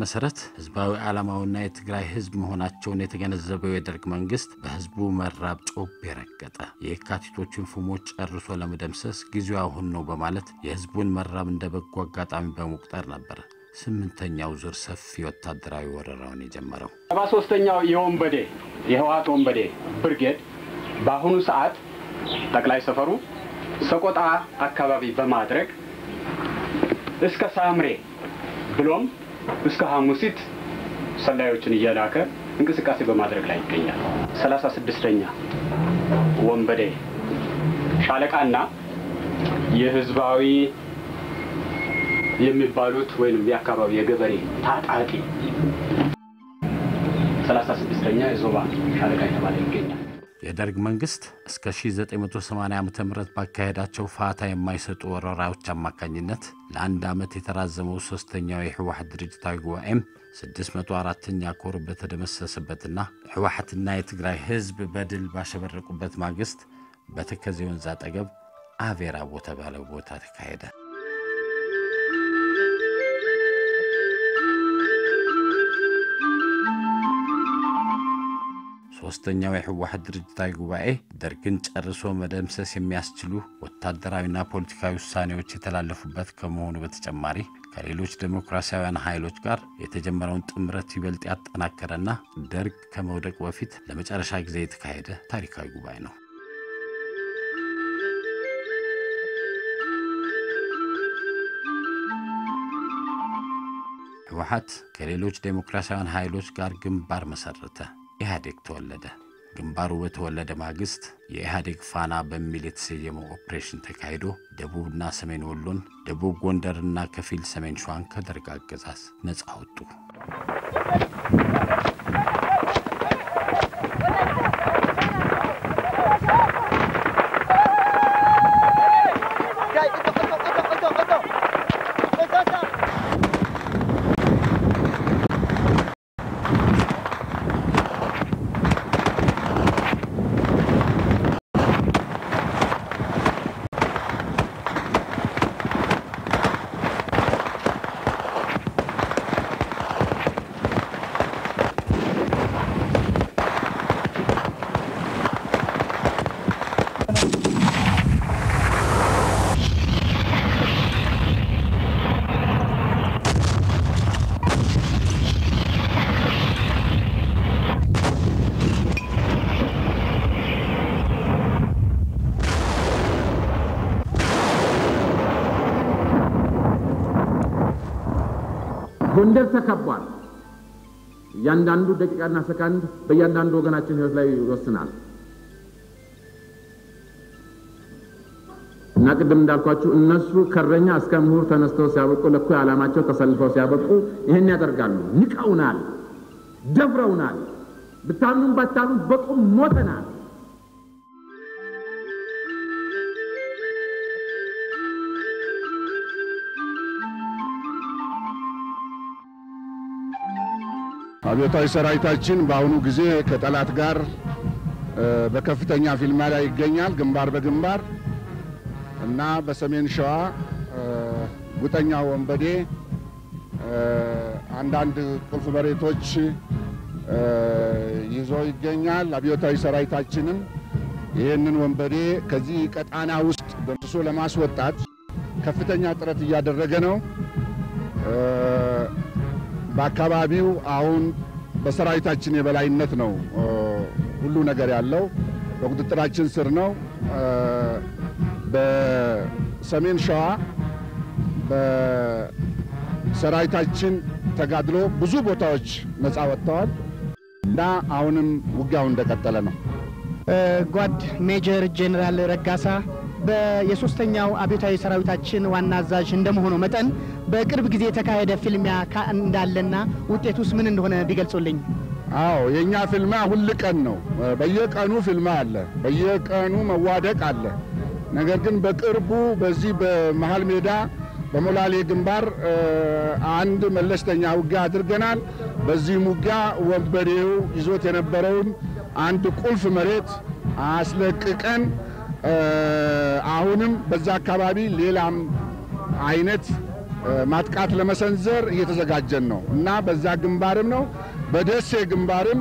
መሰረት ህዝባዊ ዓላማውና የትግራይ ህዝብ መሆናቸውን የተገነዘበው የደርግ መንግስት በህዝቡ መራብ ጮብ የረገጠ የካቲቶችን ፉሞች ጨርሶ ለመደምሰስ ጊዜው አሁን ነው በማለት የህዝቡን መራብ እንደ በጎ አጋጣሚ በመቁጠር ነበር ስምንተኛው ዙር ሰፊ ወታደራዊ ወረራውን የጀመረው። ሰባ ሶስተኛው የወንበዴ የህወሓት ወንበዴ ብርጌድ በአሁኑ ሰዓት ጠቅላይ ሰፈሩ ሰቆጣ አካባቢ በማድረግ እስከ ሳምሬ ብሎም እስከ ሐሙሲት ሰላዮችን እየላከ እንቅስቃሴ በማድረግ ላይ ይገኛል። ሰላሳ ስድስተኛ ወንበዴ ሻለቃና የህዝባዊ የሚባሉት ወይም የአካባቢ የገበሬ ታጣቂ ሰላሳ ስድስተኛ የዞባ ሻለቃ የተባለ ይገኛል። የደርግ መንግሥት እስከ 1980 ዓ ም ባካሄዳቸው ፋታ የማይሰጡ ወረራዎች አማካኝነት ለአንድ ዓመት የተራዘመው ሦስተኛው የህወሓት ድርጅታዊ ጉባኤም 604ኛ ኮር በተደመሰሰበትና ህወሓትና የትግራይ ህዝብ በድል ባሸበረቁበት ማግስት በተከዜ ወንዝ አጠገብ አቬራ ቦታ ባለ ቦታ ተካሄደ። ሶስተኛው የህወሓት ድርጅታዊ ጉባኤ ደርግን ጨርሶ መደምሰስ የሚያስችሉ ወታደራዊና ፖለቲካዊ ውሳኔዎች የተላለፉበት ከመሆኑ በተጨማሪ ከሌሎች ዴሞክራሲያውያን ኃይሎች ጋር የተጀመረውን ጥምረት ይበልጥ ያጠናከረና ደርግ ከመውደቅ በፊት ለመጨረሻ ጊዜ የተካሄደ ታሪካዊ ጉባኤ ነው። ህወሓት ከሌሎች ዴሞክራሲያውያን ኃይሎች ጋር ግንባር መሰረተ። ኢህአዴግ ተወለደ። ግንባሩ በተወለደ ማግስት የኢህአዴግ ፋና በሚል የተሰየመው ኦፕሬሽን ተካሂዶ ደቡብና ሰሜን ወሎን፣ ደቡብ ጎንደርና ከፊል ሰሜን ሸዋን ከደርግ አገዛዝ ነፃ አወጡ። ጎንደር ተከቧል። እያንዳንዱ ደቂቃና ሰካንድ በእያንዳንዱ ወገናችን ህይወት ላይ ይወስናል እና ቅድም እንዳልኳችሁ እነሱ ከረኛ እስከ ምሁር ተነስተው ሲያበቁ ለኩ ዓላማቸው ተሰልፈው ሲያበቁ ይህን ያደርጋሉ። ንቀውናል፣ ደፍረውናል፣ ብታምኑም ባታምኑ በቁም ሞተናል። አብዮታዊ ሰራዊታችን በአሁኑ ጊዜ ከጠላት ጋር በከፍተኛ ፊልማ ላይ ይገኛል፣ ግንባር በግንባር እና በሰሜን ሸዋ ጉጠኛ ወንበዴ አንዳንድ ቁልፍ መሬቶች ይዞ ይገኛል። አብዮታዊ ሰራዊታችንም ይህንን ወንበዴ ከዚህ ቀጣና ውስጥ በምሶ ለማስወጣት ከፍተኛ ጥረት እያደረገ ነው። በአካባቢው አሁን በሰራዊታችን የበላይነት ነው ሁሉ ነገር ያለው፣ በቁጥጥራችን ስር ነው። በሰሜን ሸዋ በሰራዊታችን ተጋድሎ ብዙ ቦታዎች ነፃ ወጥተዋል እና አሁንም ውጊያው እንደቀጠለ ነው። ጓድ ሜጀር ጄኔራል ረጋሳ የሶስተኛው አብዮታዊ ሰራዊታችን ዋና አዛዥ እንደመሆኑ መጠን በቅርብ ጊዜ የተካሄደ ፊልሚያ እንዳለና ውጤቱስ ምን እንደሆነ ቢገልጹልኝ። አዎ የእኛ ፊልሚያ ሁል ቀን ነው። በየቀኑ ፊልሚያ አለ፣ በየቀኑ መዋደቅ አለ። ነገር ግን በቅርቡ በዚህ በመሀል ሜዳ በሞላሌ ግንባር አንድ መለስተኛ ውጊያ አድርገናል። በዚህም ውጊያ ወንበዴው ይዞት የነበረውን አንድ ቁልፍ መሬት አስለቅቀን አሁንም በዛ አካባቢ ሌላም አይነት ማጥቃት ለመሰንዘር እየተዘጋጀን ነው እና በዛ ግንባርም ነው በደሴ ግንባርም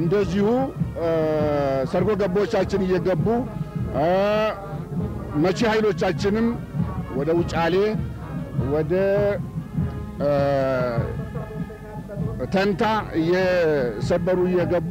እንደዚሁ ሰርጎ ገቦቻችን እየገቡ መቺ ኃይሎቻችንም ወደ ውጫሌ ወደ ተንታ እየሰበሩ እየገቡ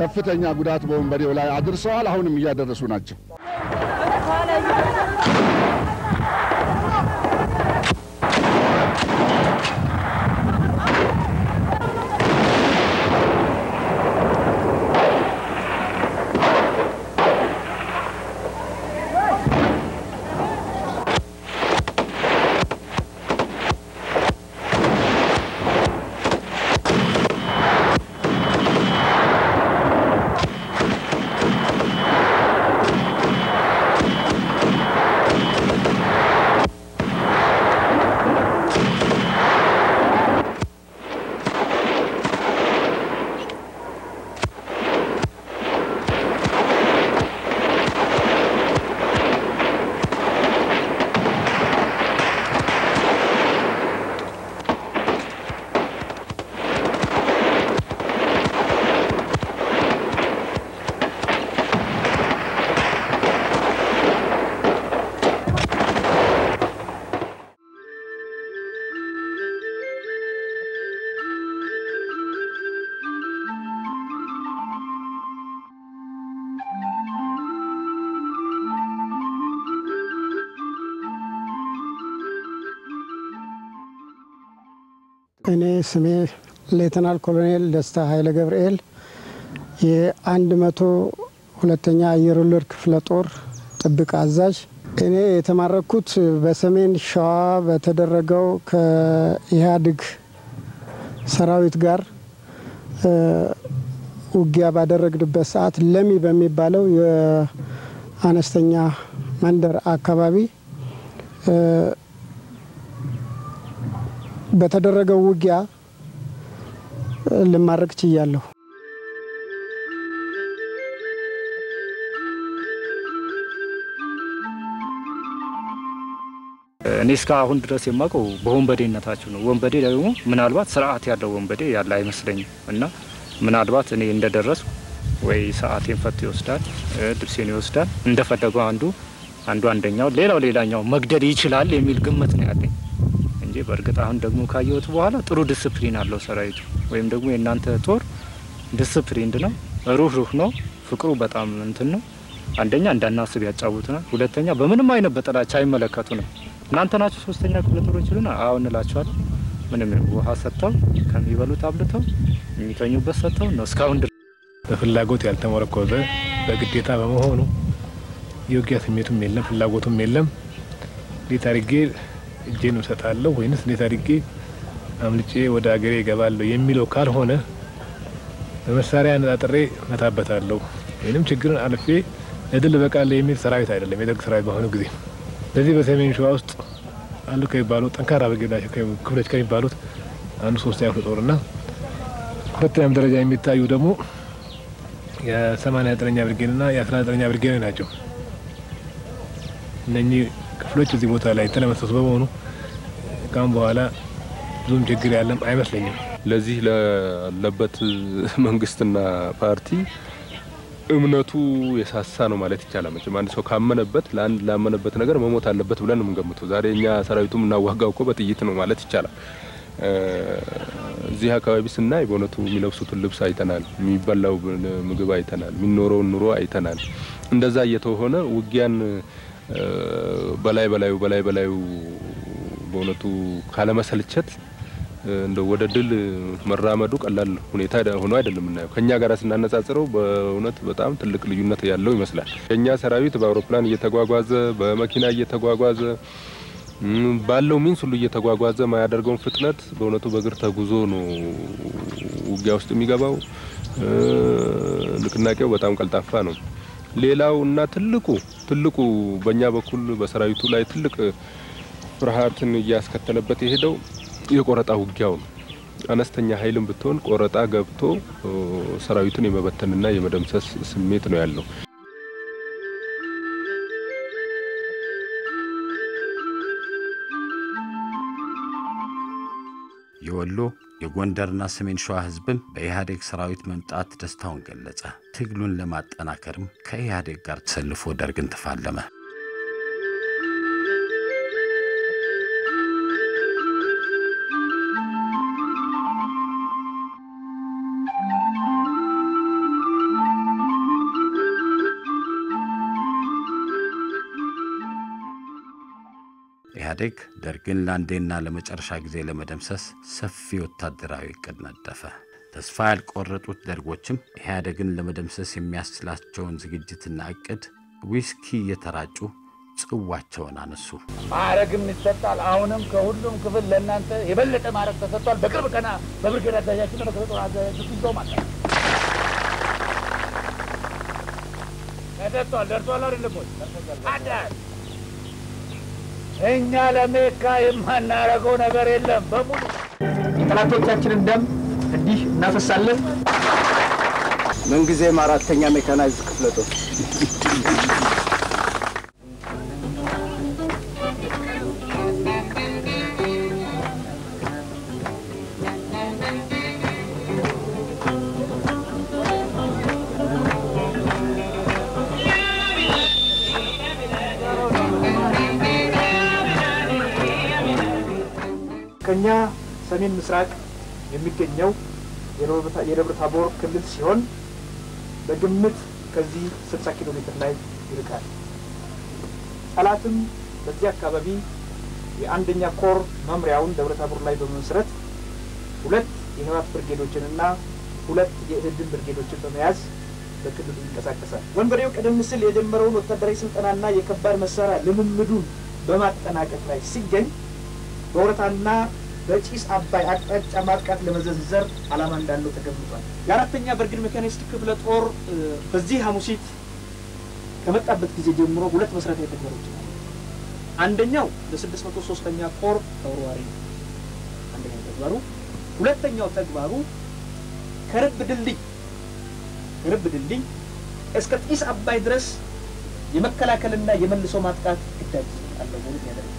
ከፍተኛ ጉዳት በወንበዴው ላይ አድርሰዋል። አሁንም እያደረሱ ናቸው። እኔ ስሜ ሌተናል ኮሎኔል ደስታ ኃይለ ገብርኤል የአንድ መቶ ሁለተኛ አየር ወለድ ክፍለ ጦር ጥብቅ አዛዥ። እኔ የተማረኩት በሰሜን ሸዋ በተደረገው ከኢህአዴግ ሰራዊት ጋር ውጊያ ባደረግንበት ሰዓት ለሚ በሚባለው የአነስተኛ መንደር አካባቢ በተደረገው ውጊያ ልማረክ ችያለሁ። እኔ አሁን ድረስ የማውቀው በወንበዴነታችሁ ነው። ወንበዴ ደግሞ ምናልባት ስርዓት ያለው ወንበዴ ያለ አይመስለኝም እና ምናልባት እኔ እንደደረስኩ ወይ ሰዓቴን ፈቶ ይወስዳል፣ ልብሴን ይወስዳል፣ እንደፈለገው አንዱ አንዱ አንደኛው ሌላው ሌላኛው መግደል ይችላል የሚል ግምት ነው ያለኝ። ጊዜ በእርግጥ አሁን ደግሞ ካየሁት በኋላ ጥሩ ዲስፕሊን አለው ሰራዊቱ ወይም ደግሞ የእናንተ ጦር ዲስፕሊንድ ነው፣ ሩህ ሩህ ነው። ፍቅሩ በጣም እንትን ነው። አንደኛ እንዳናስብ ያጫውቱናል፣ ሁለተኛ በምንም አይነት በጥላቻ አይመለከቱ ነው። እናንተ ናችሁ ሶስተኛ ክፍለ ጦሮች ሉና አሁን እንላችኋለን። ምንም ውሃ ሰጥተው ከሚበሉት አብልተው የሚተኙበት ሰጥተው ነው እስካሁን ድረስ በፍላጎት ያልተሞረኮዘ በግዴታ በመሆኑ የውጊያ ስሜቱም የለም፣ ፍላጎቱም የለም። እንዴት እጄን እሰጣለሁ ወይንስ እንዴት አድርጌ አምልጬ ወደ ሀገሬ እገባለሁ የሚለው ካልሆነ በመሳሪያ አነጣጥሬ መታበታለሁ ወይንም ችግርን አልፌ ለድል በቃለሁ የሚል ሰራዊት አይደለም የደርግ ሰራዊት በአሁኑ ጊዜ። በዚህ በሰሜን ሸዋ ውስጥ አሉ ከሚባሉ ጠንካራ ብርጌድ ክፍሎች ከሚባሉት አንዱ ሶስተኛ ክፍለ ጦርና ሁለተኛም ደረጃ የሚታዩ ደግሞ የ የሰማንያ ዘጠነኛ ብርጌድና የአስራ ዘጠነኛ ብርጌድ ናቸው። እነኚህ ክፍሎች እዚህ ቦታ ላይ የተለመሰሱ በመሆኑ ካሁን በኋላ ብዙም ችግር ያለም አይመስለኝም። ለዚህ ላለበት መንግስትና ፓርቲ እምነቱ የሳሳ ነው ማለት ይቻላል። መቼም አንድ ሰው ካመነበት ለአንድ ላመነበት ነገር መሞት አለበት ብለን የምንገምተው ዛሬ እኛ ሰራዊቱም የምናዋጋው እኮ በጥይት ነው ማለት ይቻላል። እዚህ አካባቢ ስናይ በእውነቱ የሚለብሱትን ልብስ አይተናል፣ የሚበላው ምግብ አይተናል፣ የሚኖረውን ኑሮ አይተናል። እንደዛ እየተሆነ ውጊያን በላይ በላዩ በላይ በላዩ በእውነቱ ካለመሰልቸት እንደ ወደ ድል መራመዱ ቀላል ሁኔታ ሆኖ አይደለም እናየው። ከኛ ጋር ስናነጻጽረው በእውነት በጣም ትልቅ ልዩነት ያለው ይመስላል። የእኛ ሰራዊት በአውሮፕላን እየተጓጓዘ በመኪና እየተጓጓዘ ባለው ሚንስ ሁሉ እየተጓጓዘ ማያደርገውን ፍጥነት በእውነቱ በእግር ተጉዞ ነው ውጊያ ውስጥ የሚገባው። ንቅናቄው በጣም ቀልጣፋ ነው። ሌላው እና ትልቁ ትልቁ በእኛ በኩል በሰራዊቱ ላይ ትልቅ ፍርሃትን እያስከተለበት የሄደው የቆረጣ ውጊያው ነው። አነስተኛ ኃይልም ብትሆን ቆረጣ ገብቶ ሰራዊቱን የመበተንና የመደምሰስ ስሜት ነው ያለው። የወሎ የጎንደርና ሰሜን ሸዋ ህዝብም በኢህአዴግ ሰራዊት መምጣት ደስታውን ገለጸ። ትግሉን ለማጠናከርም ከኢህአዴግ ጋር ተሰልፎ ደርግን ተፋለመ። ኢህአዴግ ደርግን ለአንዴና ለመጨረሻ ጊዜ ለመደምሰስ ሰፊ ወታደራዊ እቅድ ነደፈ። ተስፋ ያልቆረጡት ደርጎችም ኢህአዴግን ለመደምሰስ የሚያስችላቸውን ዝግጅትና እቅድ ዊስኪ እየተራጩ ጽዋቸውን አነሱ። ማዕረግም ይሰጣል። አሁንም ከሁሉም ክፍል ለእናንተ የበለጠ ማዕረግ ተሰጥቷል። በቅርብ ቀና በብርጌድ አዛዣችን በክፍለ ጦር አዛዣችን ይዘው ማለት ተሰጥቷል። ደርሷል አይደለም ወይ? እኛ ለሜካ የማናረገው ነገር የለም። በሙሉ የጠላቶቻችንን ደም እንዲህ እናፈሳለን። ምንጊዜም አራተኛ ሜካናይዝ ክፍለ ጦር በሰሜን ምስራቅ የሚገኘው የደብረ ታቦር ክልል ሲሆን በግምት ከዚህ 60 ኪሎ ሜትር ላይ ይርቃል። ጠላትም በዚህ አካባቢ የአንደኛ ኮር መምሪያውን ደብረ ታቦር ላይ በመመስረት ሁለት የህወሓት ብርጌዶችንና ሁለት የእህድን ብርጌዶችን በመያዝ በክልሉ ይንቀሳቀሳል። ወንበዴው ቀደም ሲል የጀመረውን ወታደራዊ ስልጠናና የከባድ መሳሪያ ልምምዱን በማጠናቀቅ ላይ ሲገኝ በወረታና በጪስ አባይ አቅጣጫ ማጥቃት ለመዘዘር አላማ እንዳለው ተገምቷል። የአራተኛ ብርጌድ ሜካኒስት ክፍለ ጦር በዚህ ሐሙሲት ከመጣበት ጊዜ ጀምሮ ሁለት መሰረታዊ ተግባሮች ነው። አንደኛው ለስድስት መቶ ሶስተኛ ኮር ተወርዋሪ ነው። አንደኛው ተግባሩ። ሁለተኛው ተግባሩ ከርብ ድልድይ ከርብ ድልድይ እስከ ጢስ አባይ ድረስ የመከላከልና የመልሶ ማጥቃት ግዳጅ አለው ያደርጋል።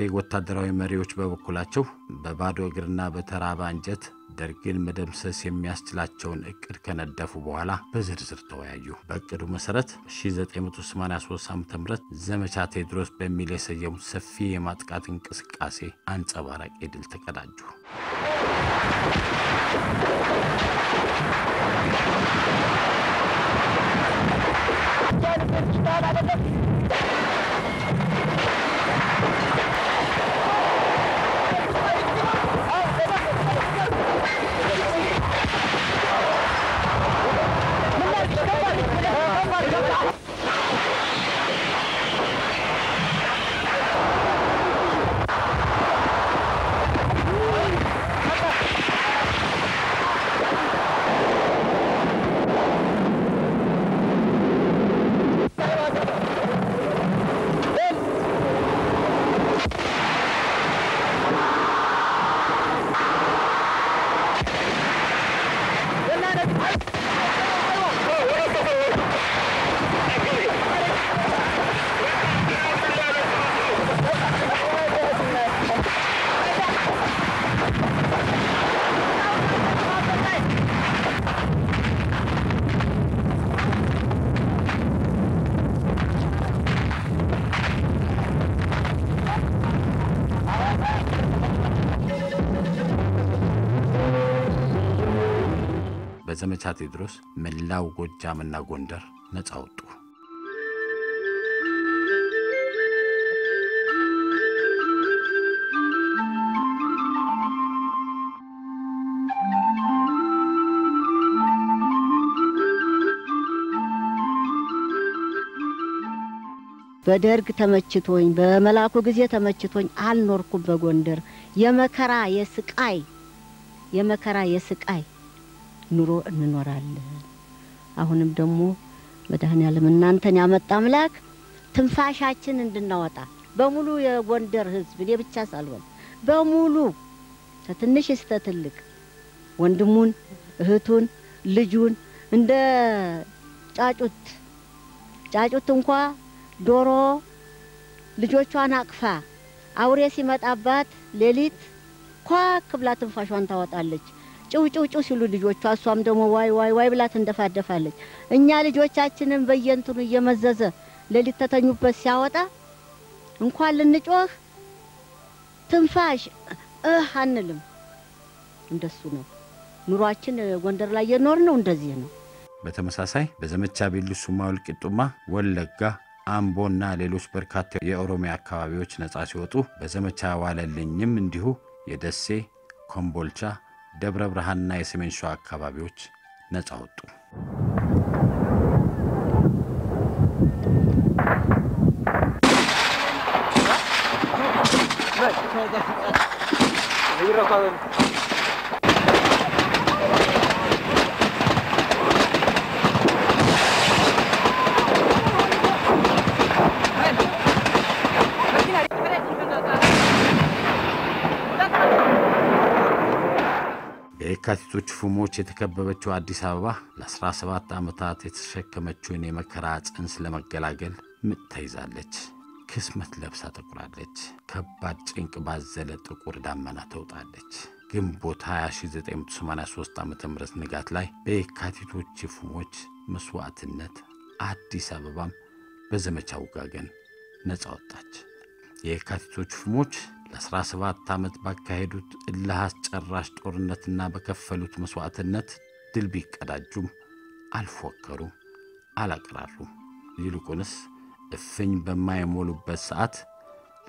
የኢህአዴግ ወታደራዊ መሪዎች በበኩላቸው በባዶ እግርና በተራበ አንጀት ደርግን መደምሰስ የሚያስችላቸውን እቅድ ከነደፉ በኋላ በዝርዝር ተወያዩ። በእቅዱ መሰረት 1983 ዓ ም ዘመቻ ቴድሮስ በሚል የሰየሙት ሰፊ የማጥቃት እንቅስቃሴ አንጸባራቂ ድል ተቀዳጁ። ዘመቻ ቴዎድሮስ መላው ጎጃምና ጎንደር ነፃ ወጡ። በደርግ ተመችቶኝ በመላኩ ጊዜ ተመችቶኝ አልኖርኩም። በጎንደር የመከራ የስቃይ የመከራ የስቃይ ኑሮ እንኖራለን። አሁንም ደግሞ መድኃኔዓለም እናንተን ያመጣ አምላክ ትንፋሻችን እንድናወጣ በሙሉ የጎንደር ሕዝብ እኔ ብቻ ሳልሆን በሙሉ ከትንሽ እስከ ትልቅ ወንድሙን፣ እህቱን፣ ልጁን እንደ ጫጩት ጫጩት እንኳ ዶሮ ልጆቿን አቅፋ አውሬ ሲመጣባት ሌሊት ኳክ ብላ ትንፋሿን ታወጣለች። ጭውጭውጭው ሲሉ ልጆቿ እሷም ደግሞ ዋይ ዋይ ዋይ ብላ ትንደፋደፋለች። እኛ ልጆቻችንን በየንትኑ እየመዘዘ ሌሊት ተተኙበት ሲያወጣ እንኳን ልንጮህ ትንፋሽ እህ አንልም። እንደሱ ነው ኑሯችን። ጎንደር ላይ የኖር ነው እንደዚህ ነው። በተመሳሳይ በዘመቻ ቢልሱማ፣ ወልቂጡማ፣ ወለጋ፣ አምቦና ሌሎች በርካታ የኦሮሚያ አካባቢዎች ነጻ ሲወጡ በዘመቻ ዋለልኝም እንዲሁ የደሴ ኮምቦልቻ ደብረ ብርሃንና የሰሜን ሸዋ አካባቢዎች ነጻ ወጡ። Thank you. በየካቲቶች ፉሞች የተከበበችው አዲስ አበባ ለ17 ዓመታት የተሸከመችውን የመከራ ጽንስ ለመገላገል ምጥ ተይዛለች። ክስመት ለብሳ ጠቁራለች። ከባድ ጭንቅ ባዘለ ጥቁር ዳመና ተውጣለች። ግንቦት 2983 ዓ ም ንጋት ላይ በየካቲቶች ፉሞች መስዋዕትነት አዲስ አበባም በዘመቻ ውጋገን ነፃ ወጣች። የካቲቶች ፉሞች ለ17 ዓመት ባካሄዱት እልህ አስጨራሽ ጦርነትና በከፈሉት መሥዋዕትነት ድል ቢቀዳጁም አልፎከሩም፣ አላቅራሩም። ይልቁንስ እፍኝ በማይሞሉበት ሰዓት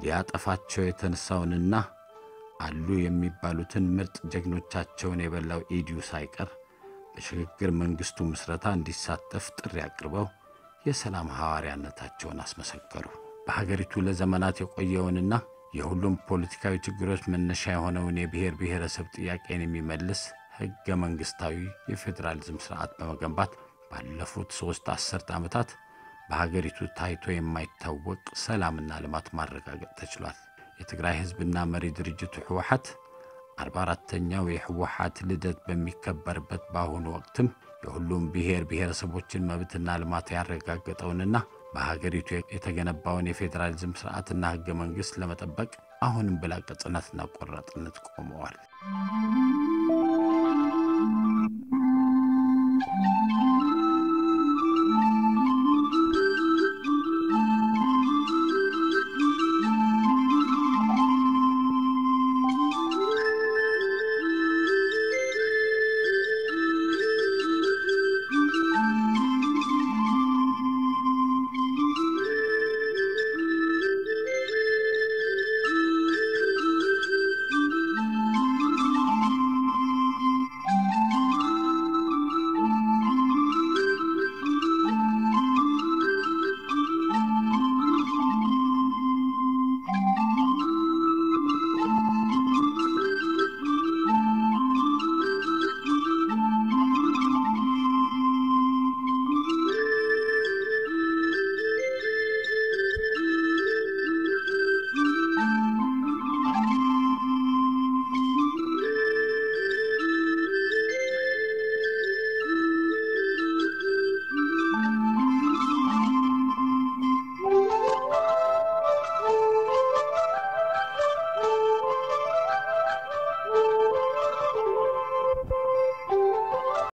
ሊያጠፋቸው የተነሳውንና አሉ የሚባሉትን ምርጥ ጀግኖቻቸውን የበላው ኢዲዩ ሳይቀር በሽግግር መንግሥቱ ምስረታ እንዲሳተፍ ጥሪ አቅርበው የሰላም ሐዋርያነታቸውን አስመሰከሩ። በሀገሪቱ ለዘመናት የቆየውንና የሁሉም ፖለቲካዊ ችግሮች መነሻ የሆነውን የብሔር ብሔረሰብ ጥያቄን የሚመልስ ሕገ መንግሥታዊ የፌዴራሊዝም ስርዓት በመገንባት ባለፉት ሦስት አስርት ዓመታት በሀገሪቱ ታይቶ የማይታወቅ ሰላምና ልማት ማረጋገጥ ተችሏል። የትግራይ ሕዝብና መሪ ድርጅቱ ህወሓት 44ተኛው የህወሓት ልደት በሚከበርበት በአሁኑ ወቅትም የሁሉም ብሔር ብሔረሰቦችን መብትና ልማት ያረጋገጠውንና በሀገሪቱ የተገነባውን የፌዴራሊዝም ስርዓትና ህገ መንግሥት ለመጠበቅ አሁንም በላቀ ቆራጥነት ቆመዋል።